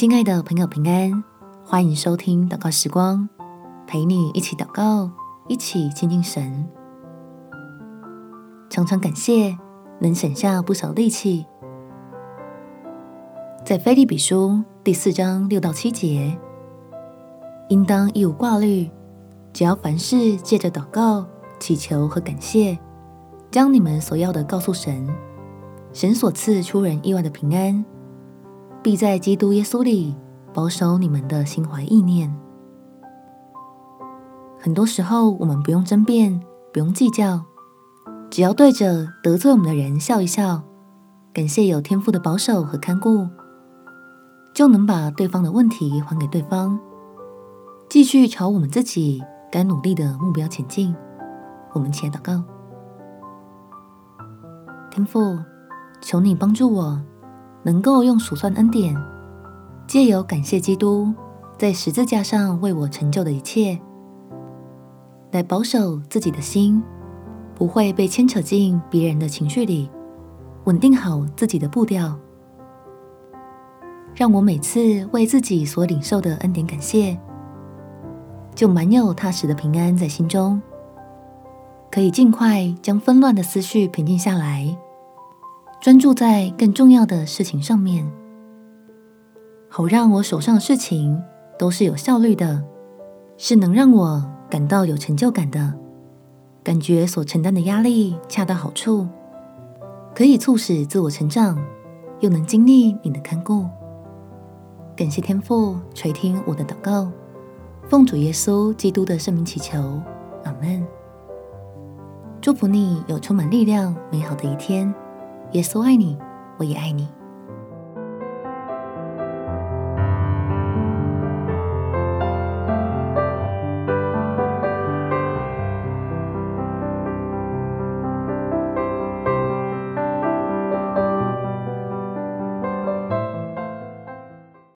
親愛的朋友，平安！歡迎收聽禱告時光，陪你一起禱告，一起親近神。常常感謝，能省下不少力氣。在腓立比書第四章六到七節，應當一無掛慮，只要凡事借着禱告、祈求和感謝，將你們所要的告訴神，神所賜出人意外的平安。必在基督耶穌裡保守你們的心懷意念。很多時候，我們不用爭辯，不用計較，只要對着得罪我們的人笑一笑，感謝有天父的保守和看顧，就能把對方的問題還給對方，繼續朝我們自己該努力的目標前進。我們起來禱告，天父，求你幫助我。能夠用數算恩典，借由感謝基督在十字架上為我成就的一切，來保守自己的心，不會被牽扯進別人的情緒裡，穩定好自己的步調，讓我每次為自己所領受的恩典感謝，就蠻有踏實的平安在心中，可以盡快將紛亂的思緒平靜下來。專注在更重要的事情上面，好讓我手上的事情都是有效率的，是能讓我感到有成就感的，感覺所承擔的壓力恰到好處，可以促使自我成長，又能經歷你的看顧。感謝天父垂聽我的禱告，奉主耶穌基督的聖名祈求，阿門。祝福你有充滿力量、美好的一天。耶穌愛你，我也愛你。